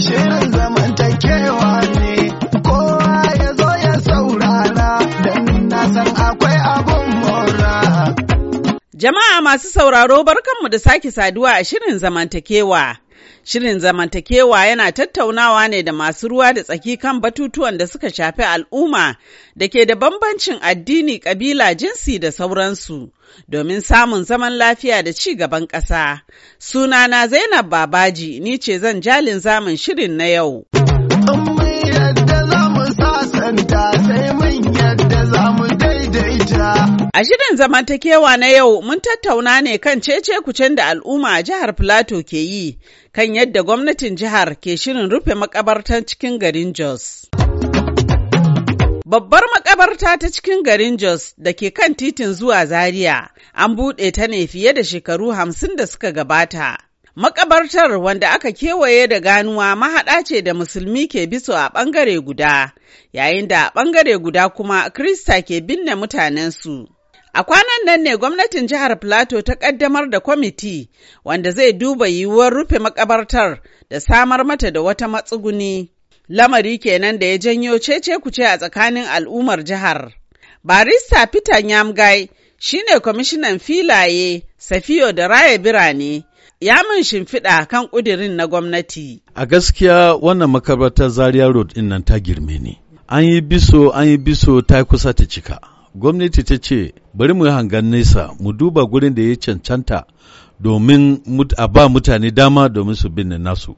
Shirin zamantakewa ne kowa ya zo ya saurara don na san akwai abun mora. Jama'a masu sauraro barkanmu da sake saduwa a shirin zamantakewa. Shirin zamantakewa yana tattaunawa ne da masu ruwa da tsaki kan batutuwan da suka shafi al'umma da ke da bambancin addini, ƙabila, jinsi da sauransu domin samun zaman lafiya da ci gaban ƙasa. Sunana Zainab Babaji ni ce zan jalin zamun shirin na yau. A shirin zamantakewa na yau mun tattauna ne kan cece kucen da al'umma a jihar Filato ke yi kan yadda gwamnatin jihar ke shirin rufe makabartan cikin garin Jos. Babbar makabarta ta cikin garin Jos da ke kan titin zuwa Zaria an buɗe ta ne fiye da shekaru hamsin da suka gabata. Makabartar wanda aka kewaye da ganuwa mahaɗa ce da musulmi ke biso a ɓangare guda, yayin da a ɓangare guda kuma Krista ke binne mutanensu. A kwanan nan ne gwamnatin jihar Plateau ta ƙaddamar da kwamiti wanda zai duba yiwuwar rufe makabartar da samar mata da wata matsuguni. Lamari kenan da ya janyo cece kuce a tsakanin al'ummar jihar. Barista Peter Nyamgai shine kwamishinan filaye, safiyo da raya birane. ya min shimfiɗa kan ƙudirin na gwamnati. A gaskiya wannan makabartar Zaria Road ɗin nan ta girme ne. An yi biso, an yi biso ta kusa ta cika. gwamnati ta ce bari mu hangan nesa mu duba gurin da ya cancanta domin a ba mutane dama domin su binne nasu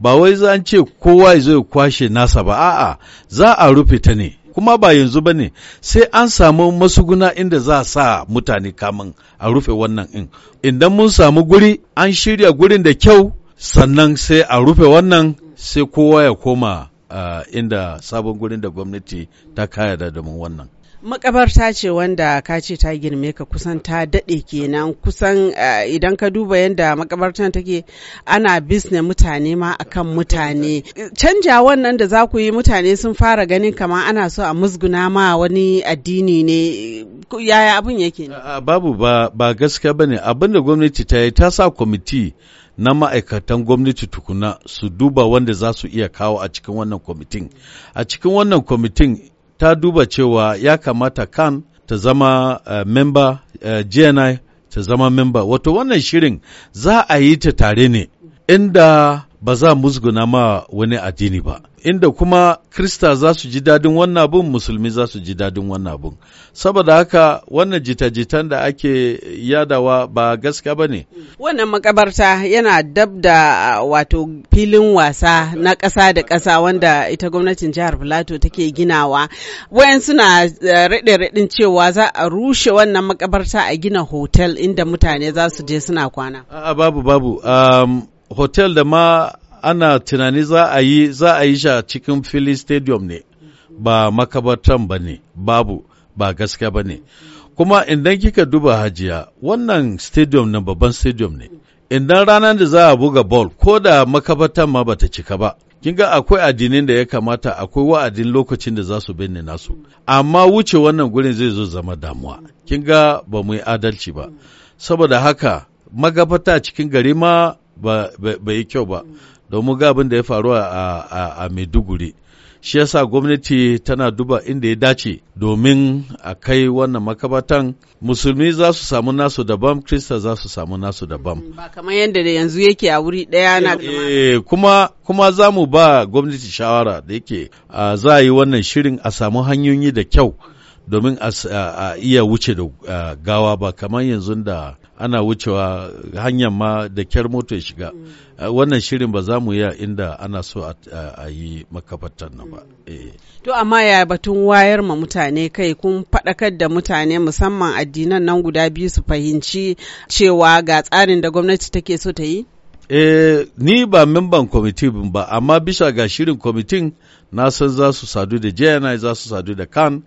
ba wai za an ce kowa zai kwashe nasa ba a'a za a rufe ta ne kuma ba yanzu ba ne sai an samu masuguna inda za a sa mutane kamun a rufe wannan in idan mun samu guri an shirya gurin da kyau sannan sai a rufe wannan sai kowa ya koma uh, inda sabon gurin da gwamnati ta kayada da mu wannan makabarta ce wanda ka ce ta girme ka kusan ta daɗe kenan kusan eh, idan ka duba yadda makabartan take ana bisne mutane ma akan mutane canja wannan da za ku yi mutane sun fara ganin kama ana so a musguna ma wani addini ne yaya abin yake ne babu ba ba gaskiya bane abin da gwamnati ta yi ta sa kwamiti na ma'aikatan gwamnati tukuna su duba wanda za su iya kawo a cikin wannan kwamitin a cikin wannan kwamitin ta duba cewa ya kamata kan ta zama uh, eh, memba uh, eh, gni ta zama memba wato wannan shirin za a yi ta tare ne inda ba za musguna ma wani addini ba inda kuma krista za su ji dadin wannan abun musulmi za su ji dadin wannan abun saboda haka wannan jita-jitan da ake yadawa ba gaskiya ba ne wannan makabarta yana dab da uh, wato filin wasa na ƙasa da ƙasa wanda ita gwamnatin jihar filato take ginawa wayan suna uh, raɗe-raɗin cewa za a rushe wannan makabarta a gina hotel inda mutane za su je suna kwana babu babu um, hotel da ma ana tunani za a yi za a yi shi cikin fili stadium ne ba makabartan ba ne babu ba gaskiya ba ne kuma idan kika duba hajiya wannan stadium na babban stadium ne idan ranar da za a buga ball ko da makabartan ma bata cika ba kin ga akwai addinin da ya kamata akwai wa'adin lokacin da za su binne nasu amma wuce wannan gurin zai zo zama damuwa kin ga ba mu yi adalci ba saboda haka magabata cikin gari ma ba yi kyau ba domin ga abin da ya faru a maiduguri shi yasa gwamnati tana duba inda ya dace domin a kai wannan makabatan musulmi za su samu nasu daban krista za su samu nasu daban mm, ba kamar yadda da yanzu yake a wuri ɗaya na eh, kuma kuma za mu ba gwamnati shawara da yake za a yi wannan shirin a samu hanyoyi da kyau domin a iya wuce da gawa ba kamar yanzu da ana wucewa hanyar ma da kyar ya shiga mm. eh, wannan shirin ba za mu yi inda ana so a yi makabartar nan ba mm. eh. to amma ya batun wayar ma mutane kai kun faɗakar da mutane musamman addinan nan guda biyu su fahimci cewa ga tsarin da gwamnati take so ta yi eh, ni ba memban kwamiti ba, amma bisa ga shirin kwamitin na san za su sadu da jna za su sadu da kan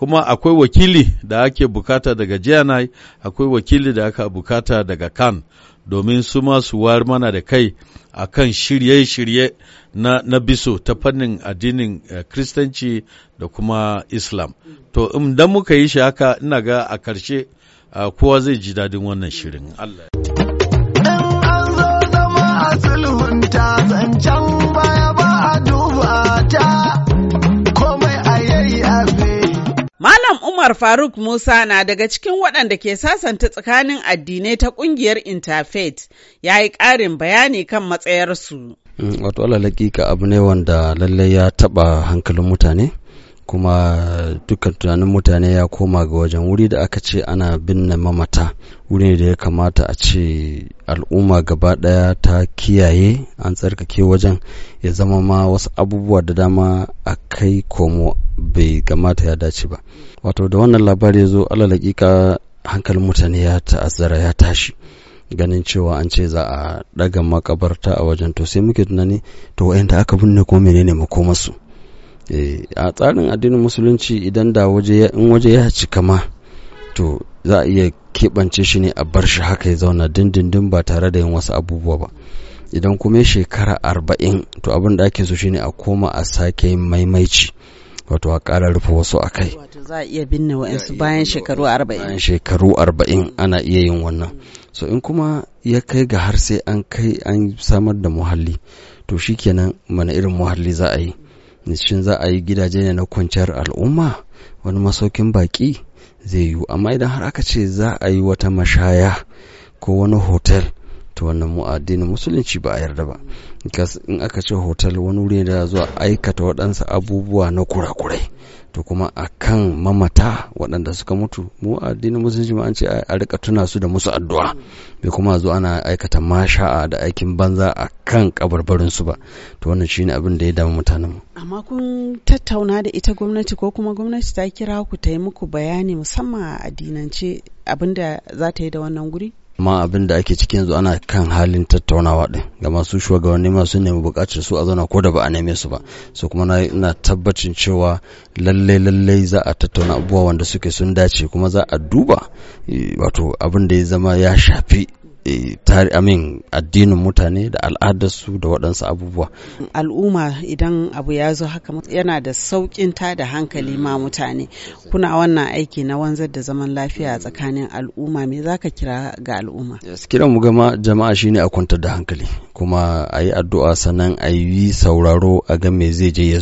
kuma akwai wakili da ake bukata daga GNI akwai wakili da aka bukata daga kan domin su masu wayar mana da kai a kan shirye-shirye na, na biso ta fannin addinin eh, kristanci da kuma islam to idan muka yi shi haka ina ga a karshe eh, kowa zai ji dadin wannan shirin Allah Umar Faruk Musa na daga cikin waɗanda ke sasanta tsakanin addinai ta ƙungiyar Interfaith ya yi ƙarin bayani kan matsayarsu. Mm, wato ka abu ne wanda lallai ya taɓa hankalin mutane kuma dukkan tunanin mutane ya koma ga wajen wuri da aka ce ana binne mamata wuri da ya kamata a ce al'umma gaba daya ta kiyaye an tsarkake wajen ya zama ma wasu abubuwa da dama a kai komo bai kamata ya dace ba wato da wannan labari ya zo alalakika hankalin mutane ya ta'azzara ya tashi ganin cewa an ce za a daga makabarta a wajen to sai muke tunani to wayanda aka binne ko menene makomarsu Eh, a tsarin addinin musulunci idan da waje in waje ya cika ma to za a iya keɓance shi ne a bar shi haka ya zauna dindindin ba tare da yin wasu abubuwa ba idan kuma ya shekara arba'in to abin da ake so shine a koma a sake yin maimaici wato a ƙara rufe wasu a kai za a iya binne wa'ansu bayan shekaru arba'in bayan shekaru arba'in ana iya yin wannan so in kuma ya kai ga har sai an kai an samar da muhalli to shi shikenan mana irin muhalli za a yi shin za a yi gidaje ne na kwanciyar al'umma wani masaukin baƙi zai yiwu amma idan har aka ce za a yi wata mashaya ko wani hotel to wannan mu addinin musulunci ba a yarda ba in aka ce hotel wani wuri da zuwa aikata waɗansu abubuwa na kurakurai to kuma a kan mamata waɗanda suka mutu mu addinin musulunci ma an ce a rika tuna su da musu addu'a bai kuma zo ana aikata masha'a da aikin banza a kan kabarbarin su ba to wannan shine abin da ya damu mutanen mu amma kun tattauna da ita gwamnati ko kuma gwamnati ta kira ku ta yi muku bayani musamman a addinance abin da za ta yi da wannan guri amma abin da ake cikin yanzu ana kan halin tattaunawa din ga masu shugabanni masu nemi bukatar su a zauna ko da ba a neme su ba so kuma na ina tabbacin cewa lallai lallai za a tattauna abubuwa wanda suke sun dace kuma za a duba eh, wato abin da ya zama ya shafi Eh, tari amin addinin mutane da al'adarsu da waɗansu abubuwa. Al'umma idan abu ya zo haka yana da sauƙin da hankali ma mutane. Kuna wannan aiki na wanzar da zaman lafiya tsakanin al'umma me za ka kira ga al'umma? Kira mu gama jama'a shine a kwantar da hankali kuma a yi addu'a sannan a yi sauraro a ga me zai je ya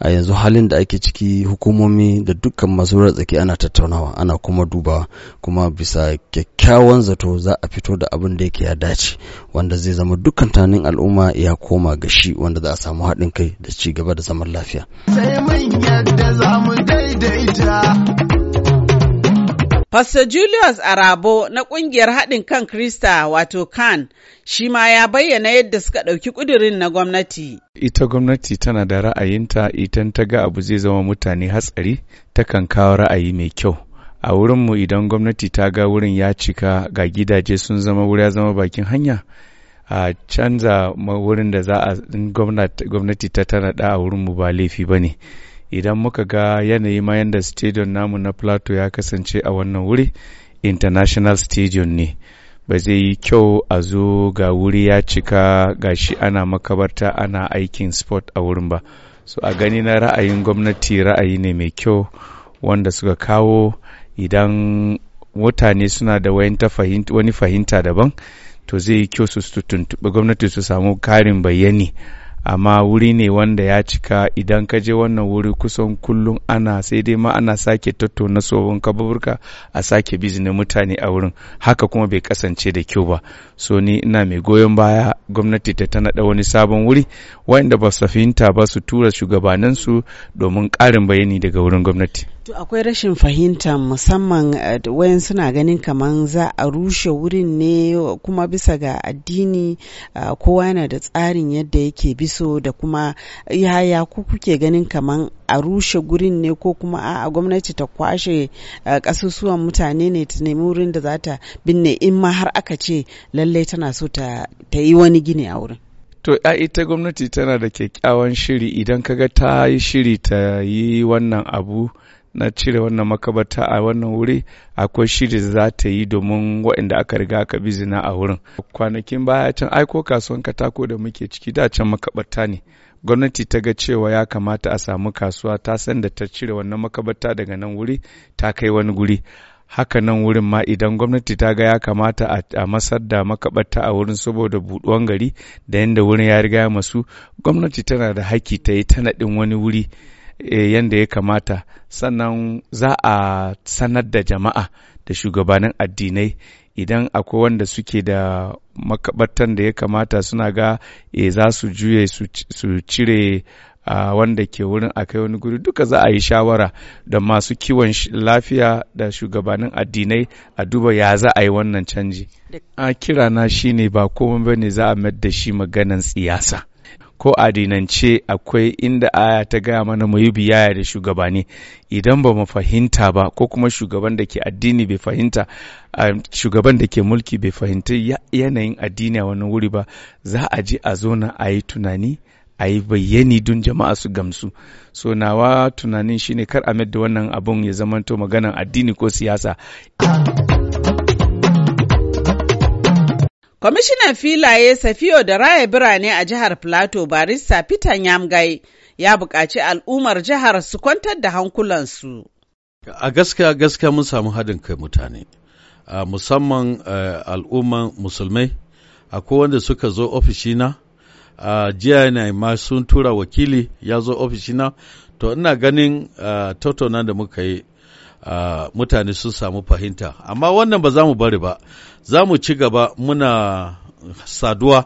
A yanzu halin da ake ciki hukumomi da dukkan masu tsaki ana tattaunawa ana kuma dubawa kuma bisa kyakkyawan zato za a fito da abin da yake ya dace wanda zai zama dukkan tunanin al'umma ya koma ga shi wanda za a samu haɗin kai da ci gaba da zaman lafiya. Sai mun yadda za mu daidaita Pastor Julius Arabo na ƙungiyar haɗin kan Krista wato kan shi ma ya bayyana yadda suka ɗauki ƙudurin na gwamnati. Ita gwamnati tana da ra'ayinta idan ta ga abu zai zama mutane hatsari takan kawo ra'ayi mai kyau. a wurinmu idan gwamnati ta ga wurin ya cika ga gidaje sun zama wuri ya zama bakin hanya a canza wurin da za a gwamnati ta tanada a wurinmu ba laifi ba ne idan muka ga yanayi ma yadda stadion namu na plateau ya kasance a wannan wuri international stadium ne ba zai yi kyau a zo ga wuri ya cika ga shi ana makabarta ana aikin sport a wurin ba so a gani na ra'ayin gwamnati ra'ayi ne mai kyau wanda suka kawo idan mutane suna da wani fahimta daban to zai yi kyau su tuntuɓi gwamnati su samu karin bayani amma wuri ne wanda ya cika idan ka je wannan wuri kusan kullum ana sai dai ma ana sake tattauna sobin kaburka a sake bizinin mutane a wurin haka kuma bai kasance da kyau ba so ni ina mai goyon baya gwamnati ta tanada wani sabon wuri wanda ba su fahimta ba su tura shugabanansu domin ƙarin bayani daga wurin gwamnati To akwai rashin fahimta musamman eh, wayan suna ganin kaman za a rushe wurin ne kuma bisa ga addini eh, kowa yana da tsarin yadda yake biso da kuma yaya ku kuke ganin kaman a rushe gurin ne ko kuma a gwamnati ta kwashe kasusuwan eh, mutane ne ta nemi wurin da za ta binne in ma har aka ce lallai tana so ta yi wani gini a wurin. To, ya ita gwamnati tana da kyakkyawan shiri idan kaga ta yi shiri ta yi wannan abu na cire wannan makabata a wannan wuri akwai shiri za ta yi domin waɗanda aka riga aka bi zina a wurin kwanakin baya can aiko kasuwan katako da muke ciki da can makabata ne gwamnati ta ga cewa ya kamata a samu kasuwa ta san da ta cire wannan makabata daga nan wuri ta kai wani guri haka nan wurin ma idan gwamnati ta ga ya kamata a masar da makabarta a wurin saboda buɗuwan gari da yadda wurin ya riga masu gwamnati tana da haƙƙi ta yi ta naɗin wani wuri Eh, yanda ya kamata sannan za a sanar da jama'a da shugabannin addinai idan akwai wanda suke da makabartan da ya kamata suna ga e, za su juye su cire a wanda ke wurin a kai wani guri duka za a yi shawara da masu kiwon lafiya da shugabannin addinai a duba ya za a yi wannan canji a kirana shine ba komai bane za a mayar da shi maganan siyasa ko adinance akwai inda aya ta gaya mana mu yi biyaya da shugabanni idan ba mu fahimta ba ko kuma shugaban da ke addini bai fahimta shugaban da ke mulki bai fahimta yanayin addini a wani wuri ba za a je a zo na a yi tunani a yi bayyani don jama'a su gamsu so nawa tunanin shine kar a da wannan abun ya zamanto maganan addini ko siyasa Kwamishinan filaye Safiyo da raya birane a jihar Plateau barista Peter Nyamgai ya buƙaci al'ummar jihar su kwantar da hankulansu. A gaskiya gaskiya mun samu haɗin kai mutane, musamman eh, al'umman musulmai, akwai wanda suka zo ofishina, jiya na ma sun tura wakili ya zo ofishina, to ina ganin eh, tattauna da muka yi eh, mutane sun samu fahimta, amma wannan ba za mu bari ba. za mu ci gaba muna saduwa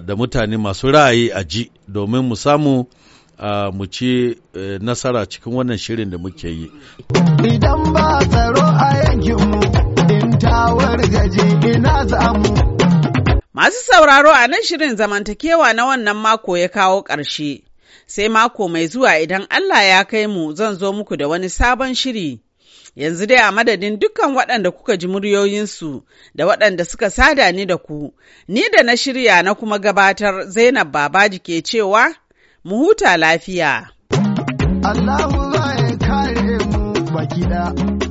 da mutane masu ra'ayi a ji domin mu samu mu ci e, nasara cikin wannan shirin da muke yi. Idan ba tsaro a yankinmu, in tawar gaje ina zamu. Masu sauraro a nan shirin zamantakewa na wannan mako ya kawo ƙarshe, sai mako mai zuwa idan Allah ya kai mu zan zo muku da wani sabon shiri. Yanzu dai a madadin dukkan waɗanda kuka ji muryoyinsu da waɗanda suka sada ni da ku, ni da na shirya na kuma gabatar Zainab Babaji ke cewa, mu huta lafiya. Allahu kare mu baki